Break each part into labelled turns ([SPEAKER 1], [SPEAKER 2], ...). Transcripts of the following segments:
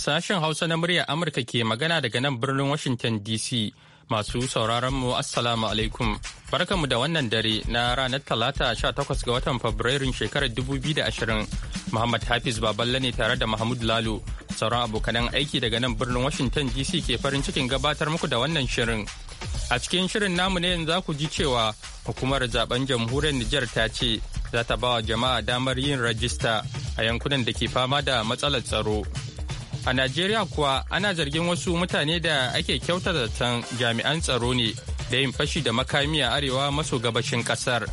[SPEAKER 1] Sashen Hausa na muryar Amurka ke magana daga nan birnin Washington DC. Masu sauraron mu Assalamu alaikum. Barkanmu da wannan dare na ranar Talata 18 ga watan Fabrairun shekarar 2020. Muhammad Hafiz Baballe ne tare da Mahmud Lalo. Sauran abokanan aiki daga nan birnin Washington DC ke farin cikin gabatar muku da wannan shirin. A cikin shirin namu ne yanzu ku ji cewa hukumar zaben jamhuriyar Nijar ta ce za ta ba wa jama'a damar yin rajista a yankunan da ke fama da matsalar tsaro. A Najeriya kuwa ana zargin wasu mutane da ake kyautar zaton jami'an tsaro ne da yin fashi da makami a arewa maso gabashin kasar.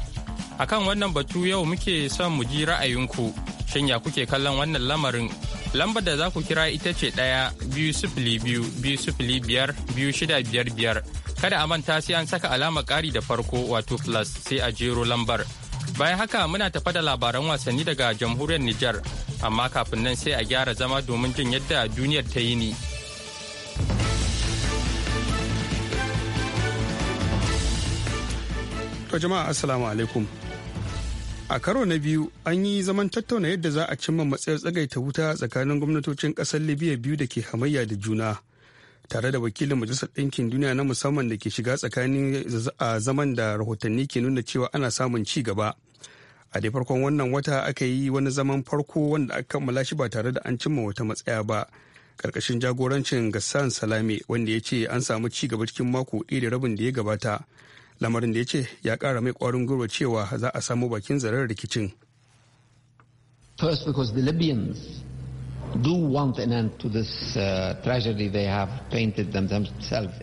[SPEAKER 1] Akan wannan batu yau muke son mu ji ra'ayinku. Shin ya kuke kallon wannan lamarin? Lambar da za ku kira ita ce ɗaya biyu sifili biyu biyu sifili biyar biyu shida biyar biyar. Kada a manta sai an saka alamar ƙari da farko wato plus sai a jero lambar. Bayan haka muna tafa da labaran wasanni daga jamhuriyar Nijar amma kafin nan sai a gyara zama domin jin yadda duniyar ta yi ni.
[SPEAKER 2] To jama'a assalamu alaikum. A karo na biyu an yi zaman tattauna yadda za a cimma matsayar tsagaita wuta tsakanin gwamnatocin ƙasar Libya biyu da ke hamayya da juna. Tare da wakilin Majalisar Ɗinkin Duniya na musamman da ke shiga tsakanin a zaman da rahotanni ke nuna cewa ana samun ci gaba. a dai farkon wannan wata aka yi wani zaman farko wanda aka kammala shi ba tare da an cimma wata matsaya ba karkashin jagorancin gassan salame wanda ya ce an samu ci gaba cikin mako ɗaya da rabin da ya gabata lamarin da ya ce ya kara mai kwarin gwiwa cewa za a samu bakin zarar rikicin.
[SPEAKER 3] First because the Libyans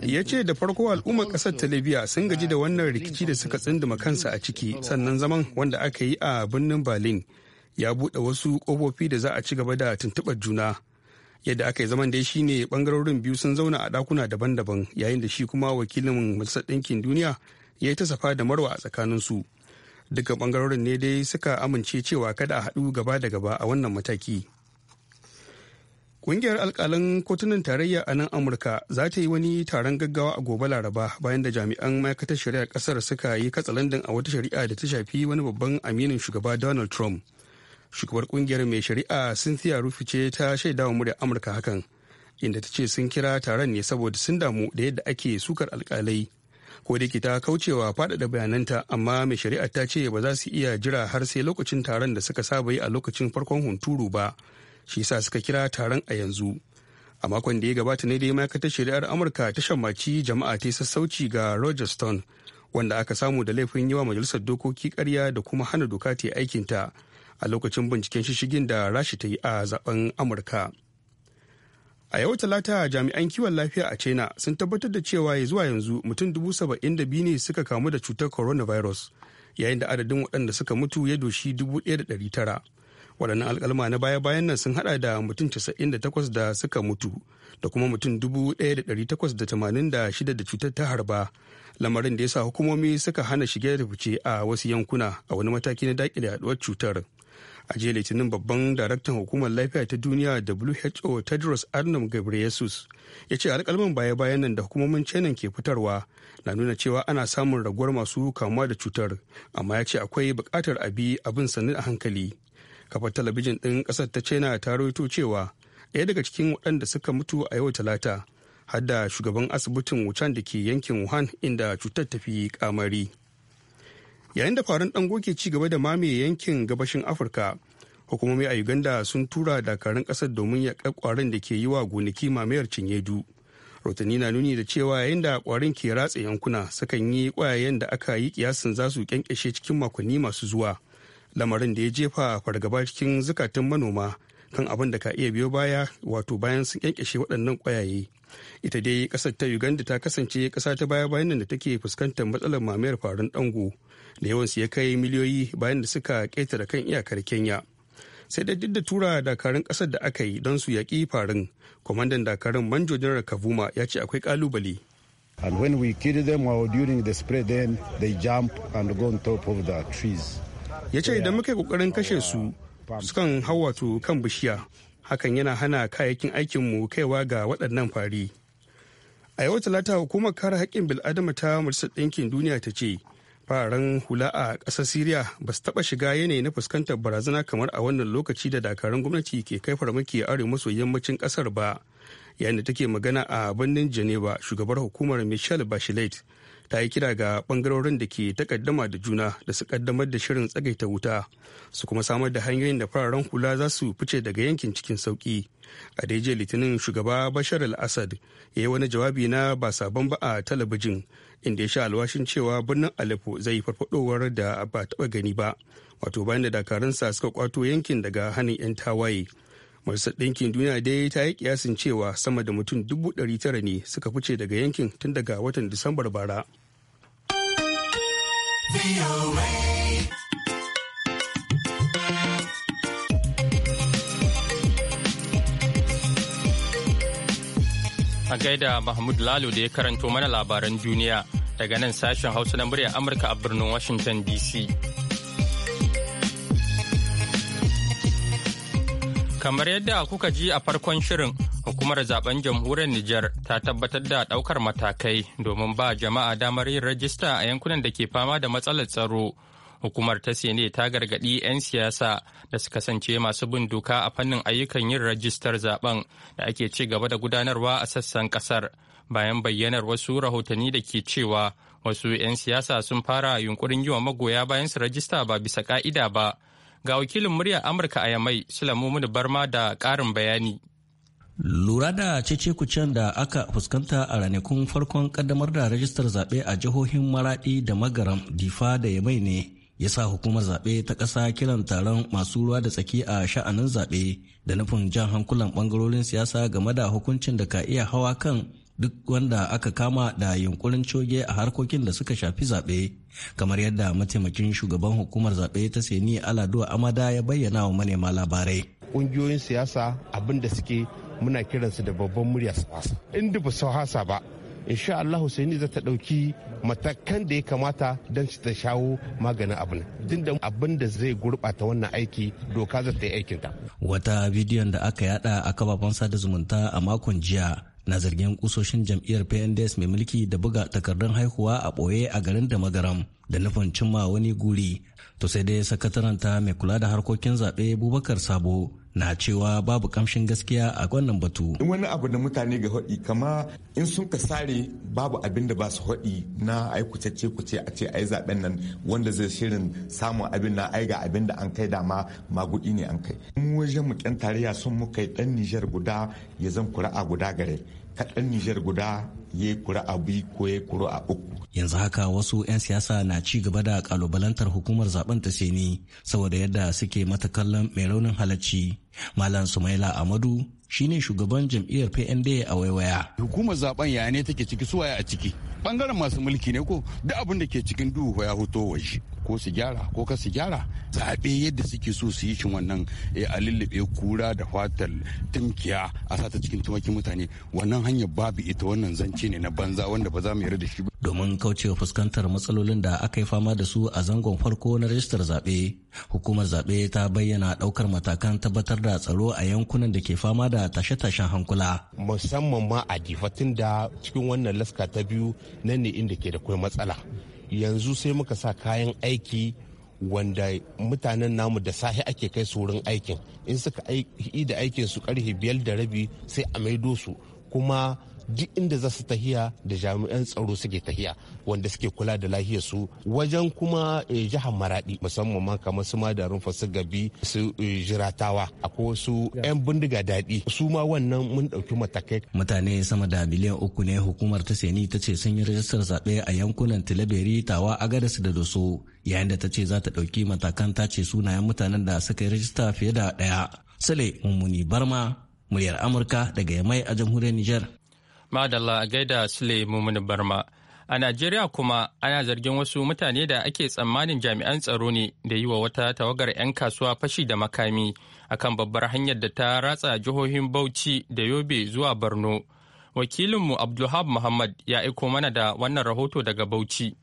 [SPEAKER 2] ya ce da farko al'ummar kasar ta libya sun gaji da wannan rikici da suka tsinduma kansa a ciki sannan zaman wanda aka yi a birnin berlin ya buɗe wasu kofofi da za a ci gaba da tuntuɓar juna yadda aka yi zaman dai shine bangarorin biyu sun zauna a ɗakuna daban-daban yayin da shi kuma wakilin majalisar ɗinkin duniya ya yi ta da marwa a tsakanin su duka bangarorin ne dai suka amince cewa kada a haɗu gaba da gaba a wannan mataki Ƙungiyar alkalin kotunan tarayya a nan Amurka za ta yi wani taron gaggawa a gobe Laraba bayan da jami'an ma'aikatar shari'ar kasar suka yi katsalandan a wata shari'a da ta shafi wani babban aminin shugaba Donald Trump. Shugabar kungiyar mai shari'a Cynthia Rufi ce ta shaidawa muryar Amurka hakan, inda ta ce sun kira taron ne saboda sun damu da yadda ake sukar alkalai. Ko da ta kaucewa faɗaɗa bayananta amma mai shari'ar ta ce ba za su iya jira har sai lokacin taron da suka saba yi a lokacin farkon hunturu ba. shi sa suka kira taron a yanzu a makon da ya gabata ne dai ma'aikatar shari'ar amurka ta shammaci jama'a ta sassauci ga roger stone wanda aka samu da laifin yawa majalisar dokoki karya da kuma hana doka ta aikinta a lokacin binciken shishigin da rashi ta yi a zaben amurka a yau talata jami'an kiwon lafiya a china sun tabbatar da cewa zuwa yanzu mutum dubu saba'in da biyu ne suka kamu da cutar coronavirus yayin da adadin waɗanda suka mutu ya doshi dubu ɗaya da ɗari tara waɗannan alƙalma na baya-bayan nan sun hada da mutum 98 da suka mutu da kuma mutum 1886 da cutar ta harba lamarin da ya sa hukumomi suka hana shige da fice a wasu yankuna a wani mataki na dakile yaduwar cutar a jiya litinin babban daraktan hukumar lafiya ta duniya who tedros adhanom ghebreyesus ya ce alkalman baya-bayan nan da hukumomin china ke fitarwa na nuna cewa ana samun raguwar masu kamuwa da cutar amma ya ce akwai bukatar abi abin sannu a hankali kafar talabijin ɗin ƙasar ta china ta rawaito cewa ɗaya daga cikin waɗanda suka mutu a yau talata hadda shugaban asibitin wucan da ke yankin wuhan inda cutar ta fi kamari yayin da faran ɗango ke ci gaba da mamaye yankin gabashin afirka hukumomi a uganda sun tura dakarun ƙasar domin yaƙar kwarin da ke yi wa gonaki mamayar cinyedu rotani na nuni da cewa yayin da kwarin ke ratse yankuna sukan yi kwayayen da aka yi kiyasin za su kyankyashe cikin makonni masu zuwa lamarin da ya jefa fargaba cikin zukatan manoma kan abin da ka iya biyo baya wato bayan sun yankashe waɗannan ƙwayaye ita dai ƙasar ta uganda ta kasance ƙasa ta baya bayan nan da take fuskantar matsalar mamayar farin dango da yawansu ya kai miliyoyi bayan da suka ƙetare kan iyakar kenya sai dai duk da tura dakarun ƙasar da aka yi don su yaƙi farin kwamandan dakarun manjo janar kavuma ya ce akwai ƙalubale
[SPEAKER 4] and when we kill them while during the spray then they
[SPEAKER 2] jump and go on top of the trees ya ce idan muka yi kokarin kashe su sukan hau wato kan bishiya hakan yana hana kayayyakin aikinmu kaiwa ga waɗannan fari a yau talata hukumar kare haƙƙin bil'adama ta majalisar ɗinkin duniya ta ce fararen hula a ƙasar siriya ba su taɓa shiga yanayi na fuskantar barazana kamar a wannan lokaci da dakarun gwamnati ke kai farmaki a arewa maso yammacin ƙasar ba yayin da take magana a birnin geneva shugabar hukumar michelle bachelet ta yi kira ga bangarorin da ke takaddama da juna da su kaddamar da shirin tsagaita wuta su kuma samar da hanyoyin da fararen hula za su fice daga yankin cikin sauki a daije litinin shugaba bashar al-assad ya yi wani jawabi na ba sabon ba a talabijin inda ya sha alwashin cewa birnin aleppo zai farfadowar da ba taba gani ba wato bayan da dakaransa suka kwato yankin daga hannun 'yan tawaye Majalisar Ɗinkin Duniya dai ta yi kiyasin cewa sama da mutum dubu ɗari tara ne suka fice daga yankin tun daga watan Disambar bara.
[SPEAKER 1] A gaida Mahmud Lalo da ya karanto mana labaran duniya daga nan sashen Hausa na muryar Amurka a birnin Washington DC. Kamar yadda kuka ji a farkon shirin, hukumar zaben jamhuriyar Nijar ta tabbatar da ɗaukar matakai domin ba jama'a damar yin rajista a yankunan da ke fama da matsalar tsaro. Hukumar ta sene ta gargaɗi 'yan siyasa da su kasance masu bin doka a fannin ayyukan yin rajistar zaben da ake ci gaba da gudanarwa a sassan ƙasar bayan bayyanar wasu rahotanni da ke cewa wasu 'yan siyasa sun fara yunkurin yi wa magoya bayan su rajista ba bisa ka'ida ba Ga wakilin muryar Amurka a Yamai, Sulamu Barma da karin bayani.
[SPEAKER 5] lura da cece-kucen da aka fuskanta a ranakun farkon kaddamar da rajistar zaɓe a jihohin maradi da magaram difa da yamai ne ya sa hukumar zaɓe ta ƙasa kiran taron masu ruwa da tsaki a sha'anin zaɓe da nufin jan hankulan ɓangarorin siyasa game da hukuncin da ka iya hawa kan duk wanda aka kama da yunkurin coge a harkokin da suka shafi zaɓe kamar yadda mataimakin shugaban hukumar zaɓe ta seni aladu amada ya bayyana wa manema
[SPEAKER 6] labarai ƙungiyoyin siyasa abin da suke muna kiransu da babban murya su hasa in ba su hasa ba insha Allah zata za ta ɗauki matakan da ya kamata don ta shawo maganin abin din da abin da zai gurɓata wannan aiki doka za ta yi aikinta.
[SPEAKER 5] Wata bidiyon da aka yada a kafafen sada zumunta a makon jiya na zargin kusoshin jam'iyyar pnds mai mulki da buga takardun haihuwa a ɓoye a garin da magaram da nufin cimma wani guri to sai dai sakataranta mai kula da harkokin zaɓe bubakar sabo na cewa babu kamshin gaskiya a wannan batu
[SPEAKER 2] in wani abu da mutane ga haɗi kama
[SPEAKER 6] in sun ka sare babu abin da ba su haɗi na ai kucece kuce a ce ai zaben nan wanda zai shirin samun abin na ai ga abin da an kai dama magudi ne an kai mu wajen mu tarayya sun muka yi dan nijar guda ya zan A guda gare kaɗan Nijar guda ya yi kura a biyu ko ya kura a uku.
[SPEAKER 5] Yanzu haka wasu 'yan siyasa na ci gaba da kalubalantar hukumar zaben ta seni saboda yadda suke mata kallon mai raunin halacci. Malam Sumaila Amadu shine shugaban jam'iyyar PND a waiwaya.
[SPEAKER 2] Hukumar zaben ya ne take ciki suwaye a ciki. Bangaren masu mulki ne ko duk abin da ke cikin duhu ya hoto waje. ko su gyara ko ka su gyara zaɓe yadda suke so su yi shi wannan eh, a lullube kura da fatar tunkiya a sata cikin tumakin mutane wannan hanyar babu ita wannan zance ne na banza wanda ba za mu yarda da shi ba.
[SPEAKER 5] domin kaucewa fuskantar matsalolin da aka yi fama da su a zangon farko na rajistar zaɓe hukumar zaɓe ta bayyana ɗaukar matakan
[SPEAKER 6] tabbatar da tsaro a yankunan da ke fama da tashe-tashen hankula musamman ma a difatin da cikin wannan laska ta biyu nan ne inda ke da kwai matsala yanzu sai muka sa kayan aiki wanda mutanen namu da sahi ake kai su wurin aikin in suka yi da aikin su karfe biyar da rabi sai a maido su kuma duk inda za su tahiya da jami'an tsaro suke tahiya wanda suke kula da lahiyar su wajen kuma eh, jihar maradi musamman ma kamar su madarin fasu gabi su eh, jiratawa akwai wasu 'yan bindiga daɗi su ma wannan mun ɗauki matakai mutane sama da
[SPEAKER 5] miliyan uku ne hukumar ta seni ta ce sun yi rajistar zaɓe a yankunan tilaberi tawa agadas da doso yayin da ta ce za ta ɗauki matakan ta ce sunayen mutanen da suka yi rajista fiye da ɗaya sale mummuni barma muryar amurka daga yamai a jamhuriyar niger
[SPEAKER 1] madalla gaida sule mummuni barma A Najeriya kuma ana zargin wasu mutane da ake tsammanin jami'an tsaro ne da yi wa wata tawagar 'yan kasuwa fashi da makami akan babbar hanyar da ta ratsa jihohin Bauchi da Yobe zuwa Borno. Wakilinmu Abdulhab Muhammad ya aiko mana da wannan rahoto daga Bauchi.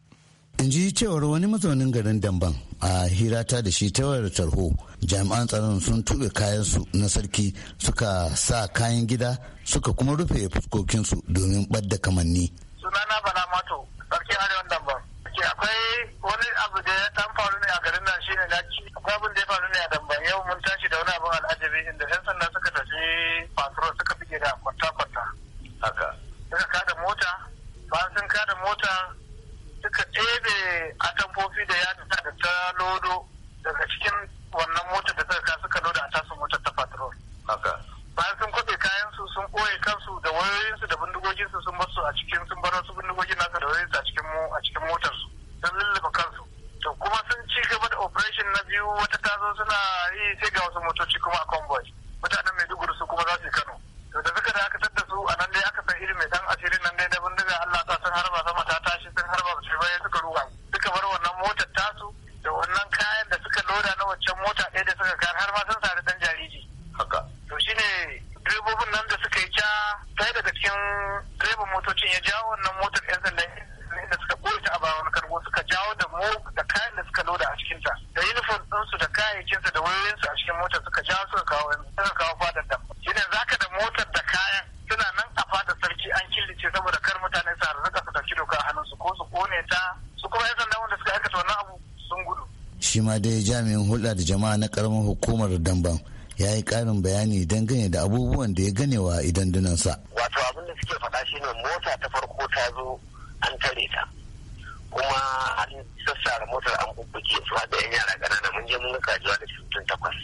[SPEAKER 7] In ji cewar wani mazaunin garin Damban a hirata da shi ta wayar tarho jami'an tsaron sun tuɓe kayansu na sarki suka sa kayan gida suka kuma rufe fuskokinsu domin ɓadda kamanni sunana
[SPEAKER 3] bala mato sarki arewan damba ke akwai wani abu da ya dan faru ne a garin nan shine na ci akwai abin da ya faru ne a damba yau mun tashi da wani abin al'ajabi inda yan sanda suka tafi patrol
[SPEAKER 7] suka fi da kwanta kwanta haka
[SPEAKER 3] suka kada mota bayan sun kada mota suka ɗebe atamfofi da ya da ta lodo daga cikin wannan mota
[SPEAKER 7] shi ma dai jami'in hulɗa da jama'a na karamar hukumar damban ya yi ƙarin bayani dangane da abubuwan da ya ganewa idan dunansa. wato abin da
[SPEAKER 3] suke faɗa shine mota ta farko ta zo an tare ta kuma an sassara motar an bubbuke su da yan yara ƙanana mun je mun ga da cutun takwas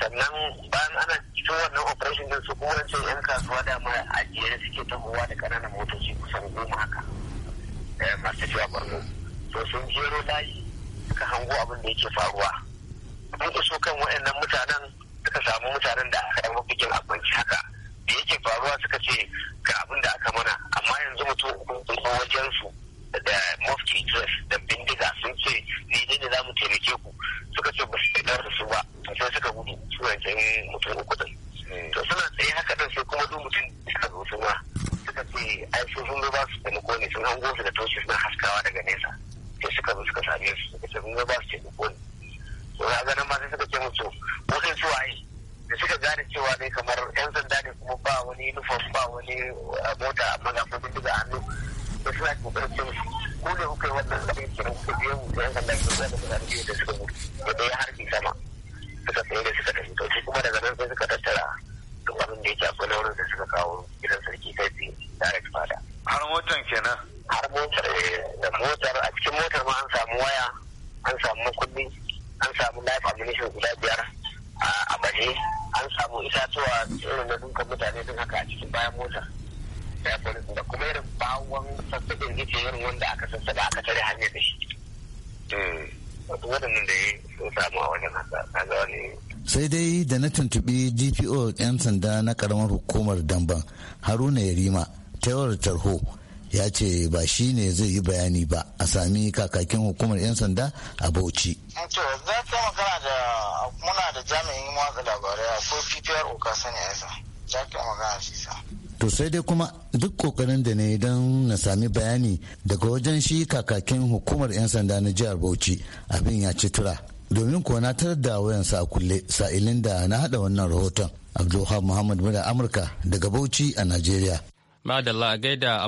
[SPEAKER 3] sannan bayan ana fito wannan operation din su kuma wancan yan kasuwa da ma a jere suke tahowa da ƙananan motoci kusan goma haka eh, masu tafiya barno to sun jero layi suka hango abin da yake faruwa mun iso kan waɗannan mutanen suka samu mutanen da aka yi mabugin abinci haka da yake faruwa suka ce ga abin da aka mana amma yanzu mutum kuma wajen su da mafki dress da bindiga sun ce ni ne da za taimake ku suka ce ba su da su ba sai suka gudu su yankin mutum uku din hmm. to suna tsaye haka din sai kuma duk mutum suka zo suna suka ce ai sun zo ba su taimako ne sun hango su da toshi suna haskawa daga nesa da suka zo suka same su suka ce kuma ba su ce ko ne to na ganin ma sai suka ce musu sai su waye da suka gane cewa dai kamar yan sanda ne kuma ba wani uniform ba wani uh, mota amma ga kuma bindiga hannu da suna ko ce su ko ne kuka yi wannan abin kiran ku biyo mu da yan sanda ke da suka biyu da suka mutu da har ki sama suka tsaye da suka tafi to kuma daga nan sai suka tattara duk abin da yake akwai na da suka kawo gidan sarki kai tsaye direct fada har motan kenan har motar eh, da motar a cikin motar ma an samu waya an samu makulli, an samu life ammunition guda biyar a baje an samu itatuwa irin na dukkan mutane sun haka a cikin bayan motar da kuma irin bawon sassaɓin ita irin wanda aka sassaɓa aka tare hanyar da shi eh, waɗannan da ya samu a wajen haka wani
[SPEAKER 7] sai dai da na tuntuɓi G.P.O 'yan sanda na karamar hukumar damban haruna yarima taiwar tarho ya ce ba shi ne zai yi bayani ba a sami kakakin hukumar 'yan sanda a bauchi.
[SPEAKER 3] Eh, to za ta magana da muna da jami'in watsa labarai a ko ppr ya yasa za ta magana shi sa
[SPEAKER 7] to sai dai kuma duk kokarin da ne don na sami bayani daga wajen shi kakakin hukumar 'yan sanda na jihar bauchi abin ya ci tura domin kuwa na tarar da wayan sa kulle sa'ilin da na hada wannan rahoton abdulhab muhammad muna amurka daga bauchi a najeriya
[SPEAKER 1] Madalla a gaida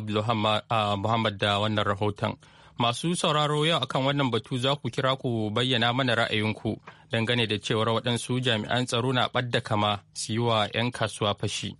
[SPEAKER 1] Muhammad da wannan rahoton. Masu sauraro yau akan wannan batu za ku kira ku bayyana mana ra'ayinku dangane da cewar waɗansu jami'an tsaro na ɓadda kama su yi wa 'yan kasuwa fashi.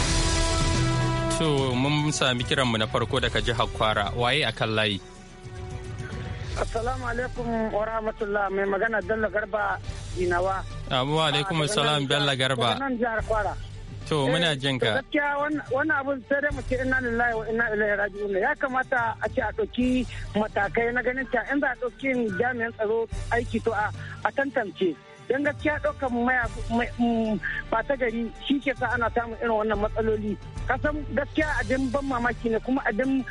[SPEAKER 1] so mun sami kiranmu na farko daga jihar kwara waye a kan layi
[SPEAKER 8] assalamu alaikum wa rahmatullah mai magana bello garba dinawa
[SPEAKER 1] abu ah, alaikum ah, salam bello garba
[SPEAKER 8] nan jihar kwara
[SPEAKER 1] to eh, muna jin ka
[SPEAKER 8] gaskiya wannan abu sai dai mu ce inna lillahi wa inna ilaihi raji'un ya kamata a ce a dauki matakai na ganin ta inda dokin a jami'an tsaro aiki to a tantance don gaskiya ɗaukan mm, ta gari shi ke sa ana samun irin wannan matsaloli kasan gaskiya abin ban mamaki ne kuma abin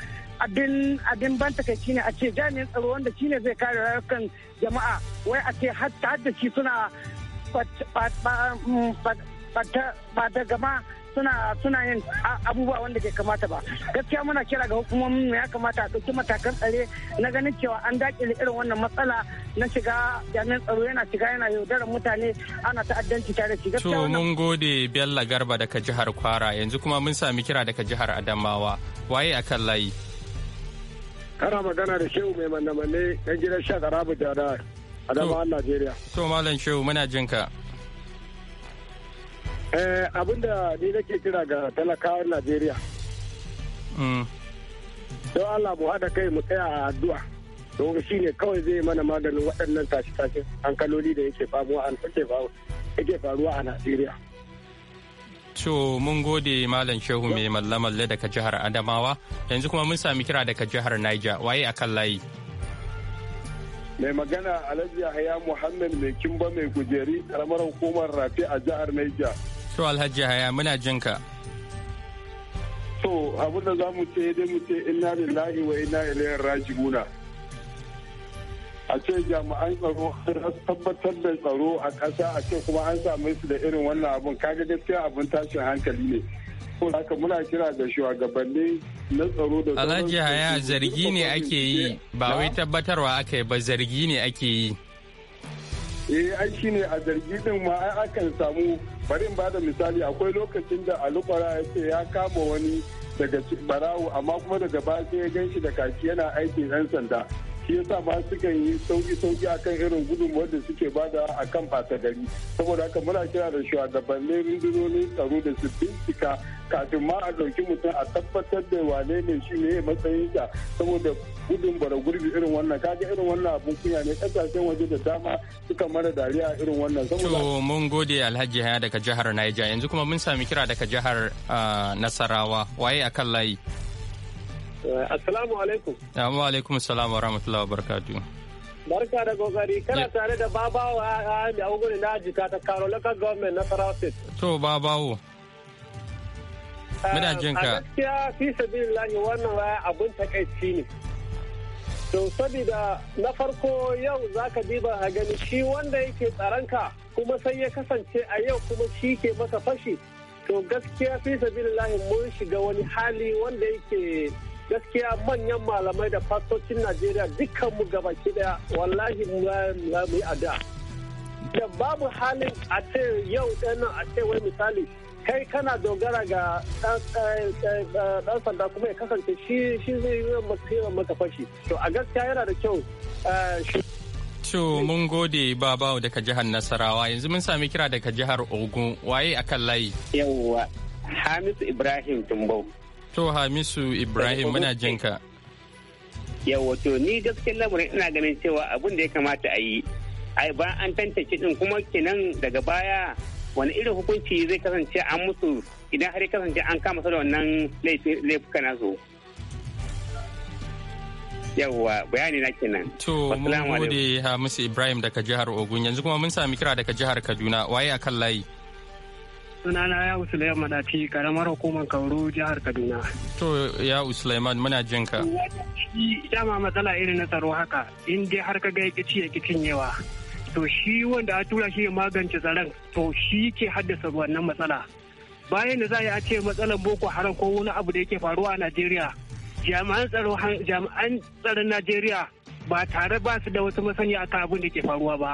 [SPEAKER 8] abin ban takaici ne a ce jami'in tsaro wanda shine zai kare rayukan jama'a wai a ce hatta da shi suna ba mm, ta gama suna suna yin abubuwa wanda bai kamata ba gaskiya muna kira ga hukumomin mu ya kamata a ɗauki matakan tsare na ganin cewa an dakile irin wannan matsala na shiga jami'an tsaro yana shiga yana yaudarar mutane ana ta'addanci tare shi gaskiya mun
[SPEAKER 1] gode Bello Garba daga jihar Kwara yanzu kuma mun sami kira daga jihar Adamawa waye akan layi
[SPEAKER 4] kana magana da Shehu mai manne-manne ɗan gidan Shakarabu Jada Adamawa Najeriya
[SPEAKER 1] to Malam Shehu muna jinka
[SPEAKER 4] Eh, abinda ni nake kira ga talakawan najeriya mm. don allah mu haɗa kai mu tsaya a addu'a don shi ne kawai zai mana maganin waɗannan tashi tashi hankaloli da yake faruwa a najeriya
[SPEAKER 1] To mun gode Malam Shehu mai malle daga jihar Adamawa yanzu kuma mun sami kira daga jihar Niger waye a kan layi.
[SPEAKER 4] Mai magana Alhaji Yahaya Muhammad mai kimba mai kujeri karamar hukumar rafi a jihar Niger. To Alhaji
[SPEAKER 1] Haya muna jin ka.
[SPEAKER 4] To abin da za mu ce dai mu ce inna lillahi wa inna ilaihi raji'una. A ce jami'an tsaro har tabbatar da tsaro a ƙasa a ce kuma an same su da irin wannan abun kaga gaskiya abin tashin hankali ne. ko haka muna kira ga shugabanni na tsaro da Alhaji Haya zargi ne ake yi
[SPEAKER 1] ba wai tabbatarwa aka yi ba zargi ne ake yi.
[SPEAKER 4] Eh ai shine a zargi din ma ai akan samu bari in bada misali akwai lokacin da alukwara ya ce ya kama wani daga barawo amma kuma daga baya sai ya ganshi da kaki yana aikin 'yan sanda shi yasa ma sukan yi sauki sauki akan irin gudunmuwar da suke bada a kan fata gari saboda haka muna kira da shugabannin rundunonin tsaro da su bincika kafin ma a ɗauki mutum a tabbatar da wane ne shi ne matsayin sa saboda gudun bara gurbi irin wannan kaga irin wannan abun kunya ne kasashen waje da dama suka mara dariya irin wannan saboda to
[SPEAKER 1] mun gode Alhaji Haya daga jihar Niger yanzu kuma mun sami kira daga jihar ah, Nasarawa waye akan layi
[SPEAKER 4] Eh,
[SPEAKER 8] assalamu alaikum.
[SPEAKER 1] Assalamu alaikum assalamu wa rahmatullahi wa barakatuh.
[SPEAKER 4] Barka da Gogari. kana
[SPEAKER 8] tare da babawo a da ugun na jika ta Karo local government na Sarau State.
[SPEAKER 1] To babawo.
[SPEAKER 8] Muna eh, jin ka. A gaskiya fi sabilillahi wannan abun takaici ne. To saboda na farko yau zaka diba a gani shi wanda yake tsaranka kuma sai ya kasance a yau kuma shi ke masa fashi. To gaskiya fi sabilillahi mun shiga wani hali wanda yake gaskiya manyan malamai da fastocin najeriya dukkan mu gabaki daya wallahi mu yi ada da babu halin a ce yau ɗana a ce wai misali kai kana dogara ga ɗan sanda kuma ya kasance shi shi zai yi maka fashi to a gaskiya yana da kyau eh,
[SPEAKER 1] To mun gode babawo daga jihar Nasarawa yanzu mun sami kira daga jihar Ogun waye akan layi.
[SPEAKER 8] Yawwa Hamisu Ibrahim Tumbau.
[SPEAKER 1] To Hamisu Ibrahim eh, muna eh, jinka.
[SPEAKER 8] Yawa to ni gaskiyar lamarin ina ganin cewa abin da ya kamata a yi. Ai ba an tantance din kuma kenan daga baya wani irin hukunci zai kasance an musu idan har ya kasance an kama su da wannan laifuka zo. Yawwa bayani na kenan. To mun gode
[SPEAKER 1] Hamisu Ibrahim daga jihar Ogun yanzu kuma mun sami kira daga jihar Kaduna waye akan layi.
[SPEAKER 8] sunana ya Suleiman Madati karamar hukumar Kauru jihar Kaduna.
[SPEAKER 1] To ya Suleiman muna jin ka.
[SPEAKER 8] Dama matsala irin na tsaro haka in dai har ka ga ya kici ya kicin yawa. To shi wanda a tura shi ya magance tsaron to shi ke haddasa wannan matsala. Bayan da za a ce matsalar Boko Haram ko wani abu da yake faruwa a Najeriya jami'an tsaron Najeriya ba tare ba su da wasu masani akan abin da ke faruwa ba.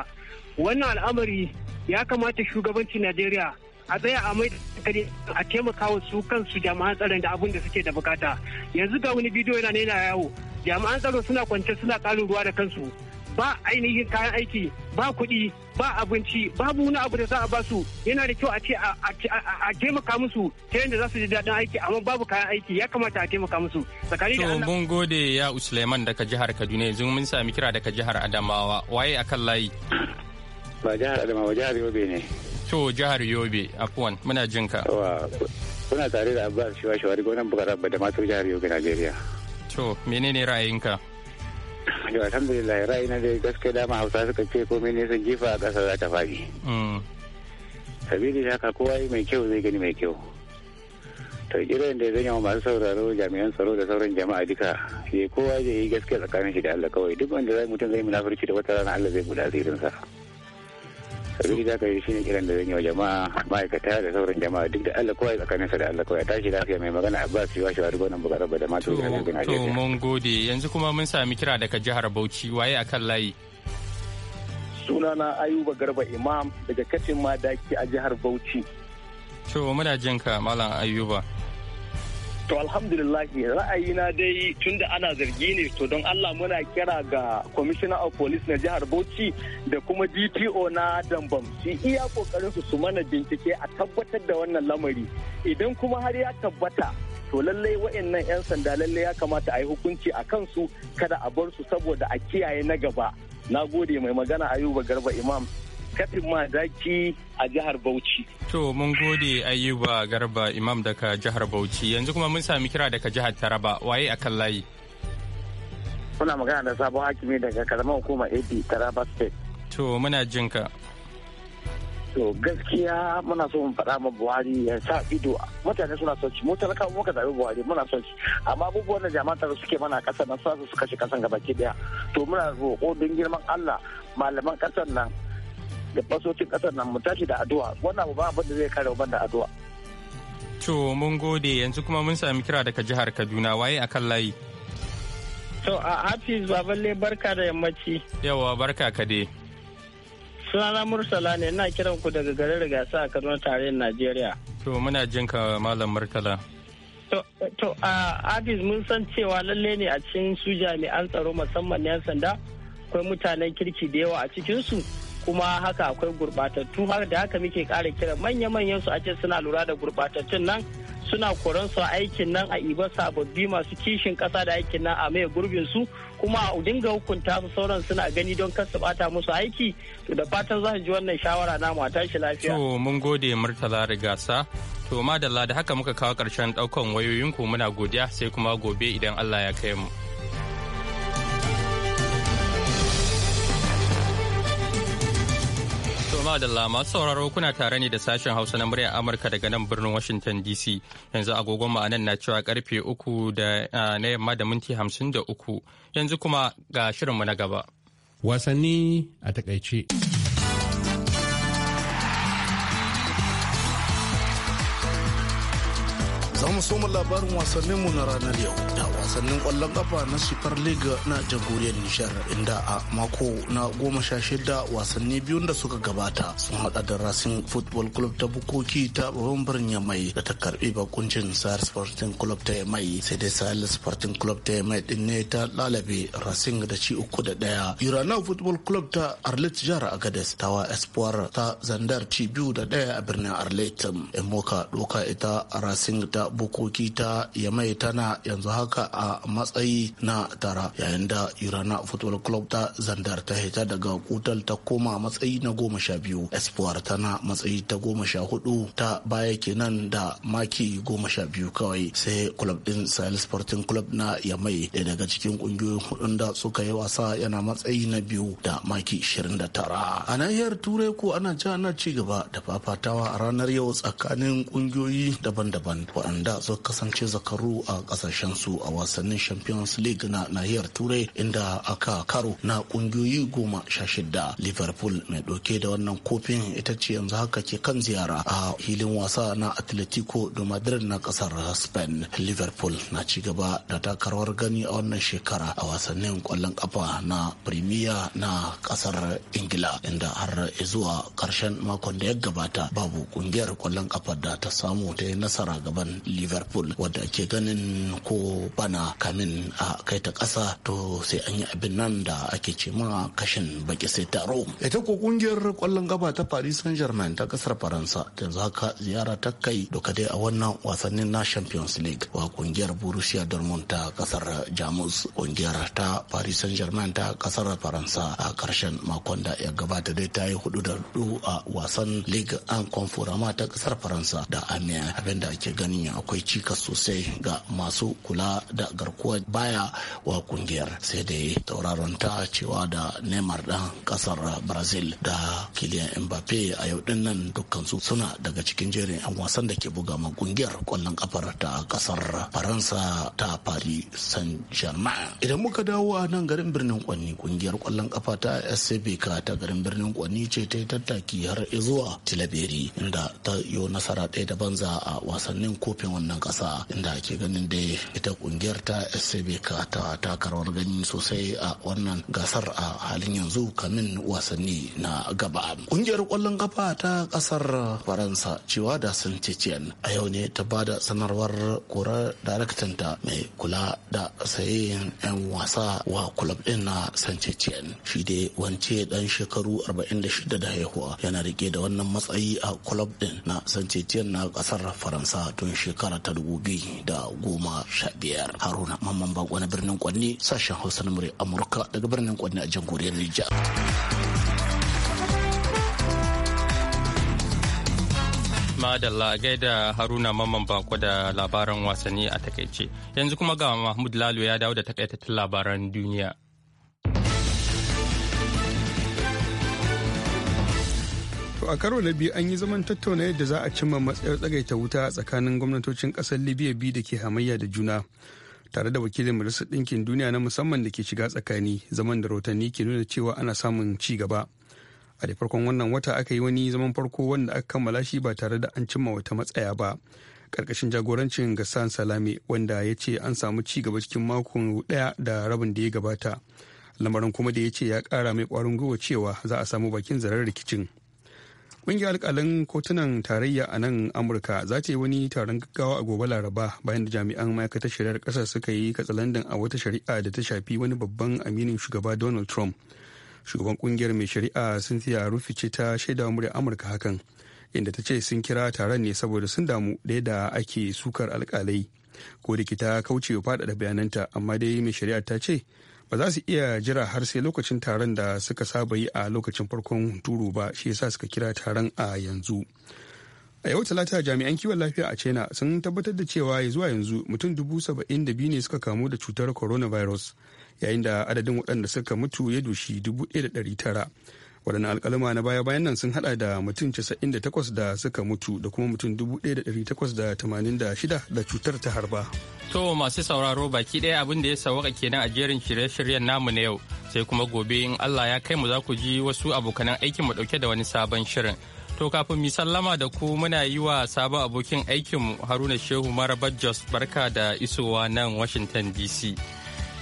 [SPEAKER 8] Wannan al'amari ya kamata shugabancin Najeriya a tsaya a mai kare a taimaka wa su kansu jami'an tsaron da abun da suke da bukata yanzu ga wani bidiyo yana nena yawo jami'an tsaro suna kwance suna ƙarin ruwa da kansu ba ainihin kayan aiki ba kuɗi ba abinci babu wani abu da za a basu yana da kyau a ce a taimaka musu ta yadda za su ji daɗin aiki amma babu kayan aiki ya kamata a taimaka musu tsakani da mun
[SPEAKER 1] gode ya Usleman daga jihar Kaduna yanzu mun sami kira daga jihar Adamawa waye akan layi
[SPEAKER 7] ba jihar Adamawa jihar Yobe ne
[SPEAKER 1] to jihar yobe afwan muna jin ka
[SPEAKER 8] kuna tare da abbas shiwa shawari gwamnan bukara da masu jihar yobe najeriya
[SPEAKER 7] to
[SPEAKER 1] menene ra'ayinka
[SPEAKER 8] yau alhamdulillah ra'ayina dai gaske dama hausa suka ce ko mene sun jifa a ƙasa za ta faɗi mm. sabili da haka kowa mai kyau zai gani mai kyau to kiran da zan yi masu sauraro jami'an tsaro da sauran jama'a duka ya eh, kowa zai yi gaske tsakanin shi da Allah kawai duk wanda zai mutum zai munafurci da wata rana Allah zai buɗa asirinsa. sa sabili da aka yi shi ne kiran da zan yi wa jama'a ma'aikata da sauran jama'a duk da Allah kawai tsakanin sa da Allah kawai tashi lafiya mai magana a Abbas Yawa Shawari bukatar ba da Mato da Najeriya. To
[SPEAKER 1] mun gode yanzu kuma mun sami kira daga jihar Bauchi waye a kan layi.
[SPEAKER 6] Sunana Ayuba Garba Imam daga Katin Madaki a jihar Bauchi.
[SPEAKER 1] To muna jinka Malam Ayuba.
[SPEAKER 6] To alhamdulillah ra'ayina dai tunda ana zargi ne to don Allah muna kira ga Commissioner of Police na jihar Bauchi da kuma DPO na Dambam su iya kokarin su su mana bincike a tabbatar da wannan lamari
[SPEAKER 8] idan kuma har ya tabbata to lallai wa'annan 'yan sanda lallai ya kamata a yi hukunci a kansu kada a bar su saboda a kiyaye na gaba na gode mai magana ayuba garba imam kafin ma zaki a jihar Bauchi.
[SPEAKER 1] To mun gode Ayuba Garba Imam daga jihar Bauchi yanzu kuma mun sami kira daga jihar Taraba waye a kan layi.
[SPEAKER 8] Muna magana da sabon hakimi daga karamar hukumar AD Taraba State.
[SPEAKER 1] To muna jinka.
[SPEAKER 8] To gaskiya muna so mu faɗa ma Buhari ya sa ido mutane suna son shi mu talaka muka zaɓi Buhari muna son shi amma abubuwan da jama'atar suke mana ƙasar nan su kashe ƙasan gaba daya to muna roƙo don girman Allah malaman ƙasar nan da fasocin kasar nan mu tashi da addu'a wannan ba abin da zai kare ban da addu'a
[SPEAKER 1] to mun gode yanzu kuma mun sami kira daga jihar Kaduna waye akan layi
[SPEAKER 8] to a Hafiz Baballe barka da yammaci
[SPEAKER 1] yawa barka ka dai
[SPEAKER 8] sunana Murtala ne ina kiran ku daga garin Rigasa a Kaduna tarayyar Najeriya
[SPEAKER 1] to muna jin ka malam Murtala
[SPEAKER 8] to a abis mun san cewa lalle ne a cikin su jami'an tsaro musamman na 'yan sanda akwai mutanen kirki da yawa a cikinsu kuma haka akwai gurbatattu har da haka muke kara kira manya-manyan su a ce suna lura da gurbatattun nan suna koran su aikin nan a iba sababbi masu kishin kasa da aikin nan a maye gurbin su kuma a dinga hukunta su sauran suna gani don kar su bata musu aiki to da fatan za su ji wannan shawara na mu tashi lafiya
[SPEAKER 1] to mun gode murtala rigasa to madalla da haka muka kawo karshen daukan wayoyinku muna godiya sai kuma gobe idan Allah ya kai mu Madalla masu sauraro kuna tare ne da sashen Hausa na muryar Amurka daga nan birnin Washington DC. Yanzu agogon ma'anan na cewa karfe uku da na yamma da minti hamsin da uku. Yanzu kuma ga shirinmu na gaba.
[SPEAKER 2] Wasanni a takaice.
[SPEAKER 6] Za mu soma labarin wasanninmu na ranar yau. wasannin kwallon kafa na super league na jamhuriyar nishar inda a mako na goma sha shida wasanni biyun da suka gabata sun hada da racing football club ta bukoki ta babban birnin yamai da ta karbi bakuncin sahar sporting club ta yamai sai dai sahel sporting club ta yamai din ne ta lalabe racing da ci uku da daya Yurana football club ta arlet jihar agades wa espoir ta zandar ci biyu da daya a birnin arlet emoka doka ita racing ta bukoki ta yamai tana yanzu haka a matsayi na tara yayin da irana football club ta zandar ta hita daga kutal ta koma matsayi na goma sha biyu espoir tana matsayi ta goma sha hudu ta baya kenan da maki goma sha biyu kawai sai club din sahel sporting club na yamai da daga cikin kungiyoyin hudun da suka yi wasa yana matsayi na biyu da maki tara. a nahiyar turai ko ana ci ana ci gaba da fafatawa a ranar yau tsakanin kungiyoyi daban-daban waɗanda suka kasance zakaru a kasashen su a wasannin champions league na nahiyar turai inda aka karo na kungiyoyi goma sha shida liverpool mai ɗauke da wannan kofin ita ce yanzu haka ke kan ziyara a hilin wasa na atletico de madrid na kasar spain liverpool na ci gaba da takarwar gani a wannan shekara a wasannin kwallon kafa na premier na kasar ingila inda har zuwa karshen makon da ya gabata babu kungiyar kwallon kafa da ta samu ta yi nasara gaban liverpool wadda ke ganin ko bana na kamin a kai ta ƙasa to sai an yi abin nan da ake ce ma kashin baki sai taro ita ko kungiyar kwallon gaba ta paris saint germain ta kasar faransa yanzu haka ziyara ta kai doka dai a wannan wasannin na champions league wa kungiyar borussia dortmund ta kasar jamus kungiyar ta paris saint germain ta kasar faransa a karshen makon da ya gabata dai ta yi hudu da hudu a wasan league an Conforama ta kasar faransa da amiya abinda ake ganin akwai cikas sosai ga masu kula da garkuwa baya wa kungiyar sai dai tauraron ta cewa da neymar dan kasar brazil da kiliyan mbappe a yau din nan dukkan su suna daga cikin jerin 'yan wasan da ke buga ma kungiyar kwallon kafar ta kasar faransa ta paris saint germain idan muka dawo a nan garin birnin kwanni kungiyar kwallon kafa ta scb ta garin birnin kwanni ce ta yi tattaki har zuwa tilaberi inda ta yi nasara ɗaya da banza a wasannin kofin wannan ƙasa inda ake ganin da ita kungiyar kungiyar ta scb ta taka gani sosai a wannan gasar a halin yanzu kamin wasanni na gaba kungiyar kwallon kafa ta kasar faransa cewa da sun a yau ne ta bada sanarwar daraktan ta mai kula da sayen 'yan wasa wa kulab din na san ciciyar shi dai wance dan shekaru 46 da haihuwa yana rike da wannan matsayi a kulab din na san na kasar faransa tun shekara ta 2015 haruna mamman bako na birnin kwanne sashen hausa na murya amurka daga birnin kwanne a jamhuriyar nijar
[SPEAKER 1] Madalla gaida Haruna Mamman Bako da labaran wasanni a takaice. Yanzu kuma ga Mahmud Lalo ya dawo da takaitattun labaran duniya.
[SPEAKER 2] To a karo na biyu an yi zaman tattauna yadda za a cimma matsayar tsagaita wuta tsakanin gwamnatocin ƙasar Libya biyu da ke hamayya da juna. tare da wakilin majalisar ɗinkin duniya na musamman da ke shiga tsakani zaman da rahotanni ke nuna cewa ana samun ci gaba a da farkon wannan wata aka yi wani zaman farko wanda aka kammala shi ba tare da an cimma wata matsaya ba karkashin jagorancin gassan salame wanda ya ce an samu ci gaba cikin makon daya da rabin da ya gabata lamarin kuma da ya ce ya kara mai kwarin gwiwa cewa za a samu bakin zarar rikicin Ƙungiyar alƙalin kotunan tarayya a nan Amurka za ta yi wani taron gaggawa a gobe Laraba bayan da jami'an ma'aikatar shari'ar ƙasa suka yi katsalandan a wata shari'a da ta shafi wani babban aminin shugaba Donald Trump. Shugaban ƙungiyar mai shari'a Cynthia Rufi ce ta shaida murya Amurka hakan, inda ta ce sun kira taron ne saboda sun damu da yadda ake sukar alƙalai. Ko da ta kauce wa faɗaɗa bayananta amma dai mai shari'a ta ce ba za su iya jira har sai lokacin taron da suka saba yi a lokacin farkon hunturu ba shi yasa suka kira taron a yanzu a yau talata jami'an kiwon lafiya a china sun tabbatar da cewa ya zuwa yanzu mutum dubu saba'in da biyu ne suka kamu da cutar coronavirus yayin da adadin waɗanda suka mutu ya dushi dubu ɗaya da ɗari tara waɗannan alkalama na baya-bayan nan sun hada da mutum 98 da suka mutu da kuma mutum 1886 da cutar ta harba.
[SPEAKER 1] To masu sauraro baki ɗaya abin da ya sawaka kenan a jerin shirye-shiryen namu na yau sai kuma gobe in Allah ya kai mu za ku ji wasu abokanan aikin mu ɗauke da wani sabon shirin. To kafin mi sallama da ku muna yi wa sabon abokin aikinmu Haruna Shehu maraba Jos barka da isowa nan Washington DC.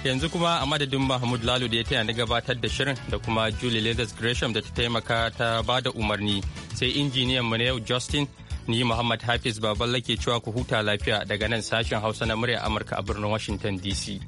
[SPEAKER 1] yanzu kuma a madadin mahmud lalu da ya taya na gabatar da shirin da kuma julie leathers gresham da ta taimaka ta ba da umarni sai injiniyan mu na yau justin ni muhammad hafiz baballa ke cewa ku huta lafiya daga nan sashen hausa na murya amurka a birnin washington dc